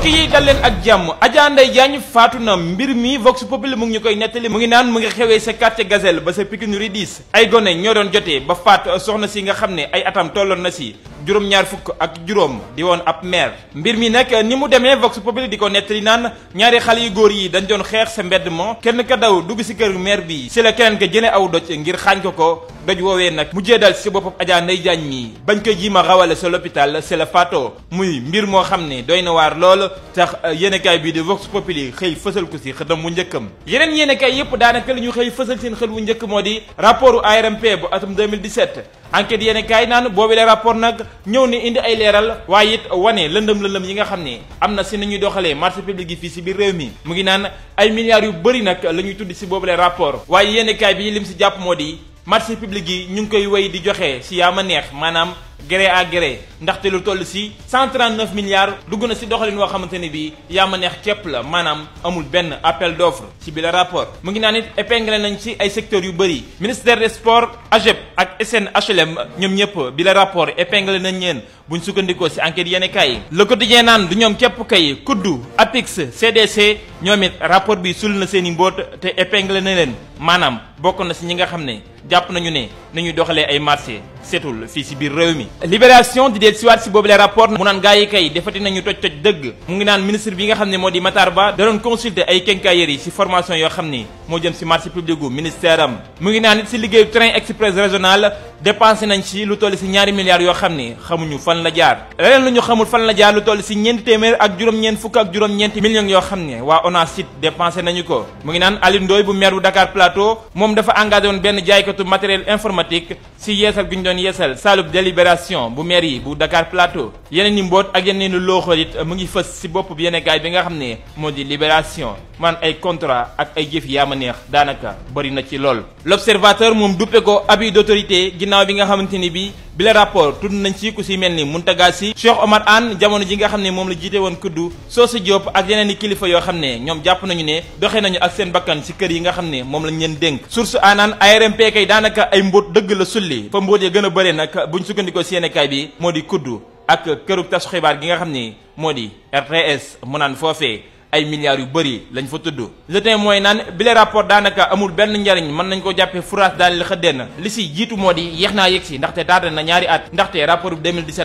mbokk yi dal leen ak jàmm Adja Ndeye Diagne faatu na mbir mi Vox Populi mu ngi ñu koy nettali mu ngi naan mu ngi xewee sa quartier Gazelle ba sa pikinuri diis ay gone ñoo doon jotee ba faat soxna si nga xam ne ay atam tolloon na si juróom-ñaar fukk ak juróom di woon ab maire mbir mi nag ni mu demee Vox Populi di ko nettali naan ñaari xale yu góor yi dañ doon xeex sa mbedd moo kenn ka daw dugg si kër meer bi si la keneen ka jële aw doj ngir xaañ ko ko doj woowee nag mujjee dal si boppam Adja Ndeye Diagne mi bañ ko jiima rawale sa l'hôpital c'est la faatoo muy mbir moo xam ne doy tax euh, yéenekaay bii di Vox Populi xëy fësal ko si xëtam mu njëkkam yeneen yéenekaay yépp daanaka li ñu xëy fësal seen xel wu njëkk moo di rapportu ARMP bu atum 2017 enquête yéenekaay naan boobi le rapport nag ñëw ne indi ay leeral waaye it wane lëndëm lëndëm yi nga xam ne am na si nañuy doxalee marché public yi fii si biir réew mi mu ngi naan ay milliards yu bëri nag la ñuy tudd si boobu le rapport waaye yéenekaay bi lim si jàpp moo di marché public yi ñu ngi koy wéy di joxe si yaa ma neex maanaam gré à gré ndaxte lu toll si 139 milliards dugg na si doxalin woo xamante ne bii yaa ma neex képp la maanaam amul benn appel d'offre ci bi la rapport mu ngi naa it épinglé nañ ci ay secteurs yu bëri ministère des sports AGEP ak SNHLM ñoom ñëpp bi la rapport épinglé nañ leen buñ sukkandikoo si enquête yenn kaay le quotidien naan du ñoom képp kay kuddu APIX CDC ñoom it rapport bi sul na seen i mboot te épinglé na leen maanaam bokk na si ñi nga xam ne jàpp nañu ne ni doxalee ay marché seetul fii si biir réew mi libération di dee siwaat si boobu le rapport mu naan gaa yi kay defati nañu toj toj dëgg mu ngi naan ministre bi nga xam ne moo di Matar Ba da doon consulter ay quincailleries yi si formation yoo xam ni moo jëm si marché public gu ministère am mu ngi naan it si liggéeyu train express régional dépensé nañ ci lu toll ci ñaari milliards yoo xam ni xamuñu fan la jaar leneen lu ñu xamul fan la jaar lu toll ci ñeenti téeméer ak juróom-ñeent fukk ak juróom-ñeenti millions yoo xam ne waa ONACID dépensé nañu ko mu ngi naan Aliou bu maire bu Dakar Plateau moom dafa engagé woon benn jaaykatu matériel informatique ci yeesal gi ñu doon yeesal saalub délibération bu maire yi bu Dakar Plateau yeneen i mboot ak yeneen i looxool it mu ngi fës ci bopp bi yeneen bi nga xam ne moo di libération man ay contrat ak ay jëf yaa ma neex daanaka bëri na ci lool l'observateur naaw bi nga xamante ni bi bi la rapport tudd nañ ci ku si mel ni Mountaga Sy Cheikh Omar Anne jamono ji nga xam ne moom la jiite woon kuddu Socé Diop ak yeneen i kilifa yoo xam ne ñoom jàpp nañu ne doxee nañu ak seen bakkan si kër yi nga xam ne moom lañ leen dénk source aanaan ARMP kay daanaka ay mbóot dëgg la sulli fa mbóot ya gën a bëri nag buñ sukkandikoo si yéenekaay bi moo di kuddu ak këru tasu xibaar gi nga xam ne moo di RTS mu naan foofee ay milliards yu bëri lañ fa tudd le temps mooy naan bile rapport daanaka amul benn njariñ mën nañ ko jàppee fourage daal li xëddee na li si jiitu moo di yeex naa yegg si ndaxte tardé na ñaari at ndaxte rapport bu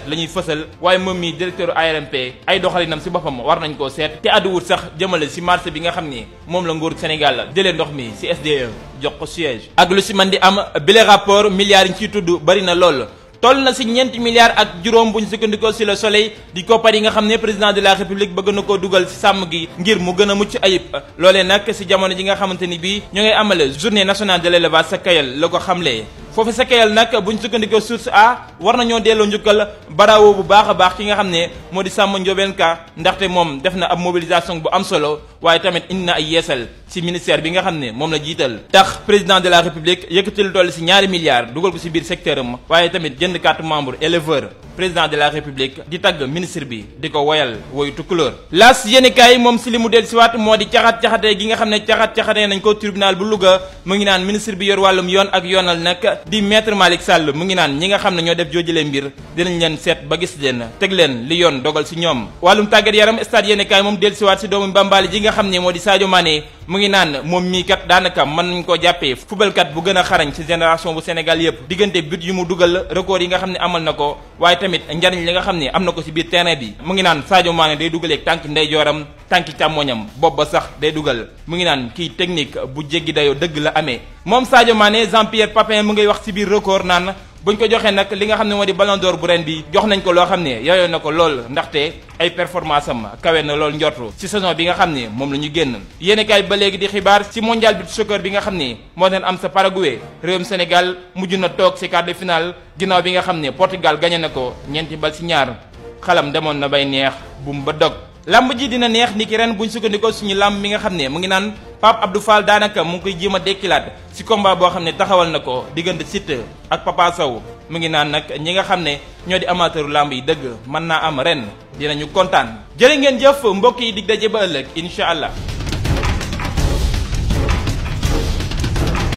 la ñuy fësal waaye moom mi directeur ARMP ay doxalinam si boppam war nañ koo seet te àdduwut sax jëmale si marché bi nga xam ni moom la nguur Sénégal la jëlee ndox mi si SDE jox ko siège ak lu si man di am bile rapport milliards yi ñu tudd bari na lool toll na si ñeenti milliards ak juróom bu ñu sukkandikoo si la soleil di koppar yi nga xam ne président de la république bëgg na ko dugal si sàmm gi ngir mu gën a mucc ayib loolee nag si jamono ji nga xamante ni bii ñoo ngay amale journée nationale de l'élevage sa kayal la ko xamlee foofu Sakayel nag buñ sukkandikoo source a war nañoo delloo njukkal barawo bu baaxa baax ki nga xam ne moo di sàmm Ndiobène Ka ndaxte moom def na ab mobilisation bu am solo waaye tamit indi na ay yeesal ci ministère bi nga xam ne moom la jiital tax président de la république yëkkati lu toll ci ñaari milliards dugal ko ci biir secteur am waaye tamit jënd carte membre éleveur président de la république di tagg ministre bi di ko woyal woyu tukkulóor laas yéenekaay moom si li mu del siwaat moo di caxat-caxatee gi nga xam ne caxat-caxatee nañ ko tribunal bu Louga mu ngi naan ministre bi yor wàllum yoon ak yoonal nag di maître Malick Sall mu ngi naan ñi nga xam ne ñoo def joojale mbir dinañ leen seet ba gis leen teg leen li yoon dogal si ñoom wàllum tàggat yaram stade yéenekaay moom del siwaat si doomu Bambali ji nga xam ne moo di Sadio Mané ngi naan moom mii kat daanaka mën nañ koo jàppee fubalkat bu gën a xarañ si génération bu Sénégal yëpp diggante but yu mu dugal record yi nga xam ne amal na ko tamit njariñ li nga xam ne am na ko ci biir terrain bi mu ngi naan Sadio Mané day dugaleeg tànk ndeyjooram tànki càmmoñam bopp ba sax day dugal mu ngi naan kii technique bu jéggi dayoo dëgg la amee moom Sadio Mané Jean Pierre Papin mu ngi wax ci biir record naan buñ ko joxee nag li nga xam ne moo di ballon d'or bu ren bi jox nañ ko loo xam ne yaayoon na ko lool ndaxte ay performance am kawe na lool njortu ci saison bi nga xam ne moom la ñu génn yéenekaay ba léegi di xibaar ci mondial bi soccer bi nga xam ne moo leen am sa Paraguay réewum Sénégal mujj na toog ci quart de finale ginnaaw bi nga xam ne Portugal gagné na ko ñeenti bal ci ñaar xalam demoon na bay neex buum ba dog lamb ji dina neex ni ki ren buñ sukkandikoo suñu lamb mi nga xam ne mu ngi naan Pape Abdou Fall daanaka mu ngi koy jéem a dekkilaat si combat boo xam ne taxawal na ko diggante Siteu ak Papa Sow mu ngi naan nag ñi nga xam ne ñoo di amateuru làmb yi dëgg mën naa am ren dinañu kontaan. jërë ngeen jëf mbokk yi di daje ba ëllëg incha allah.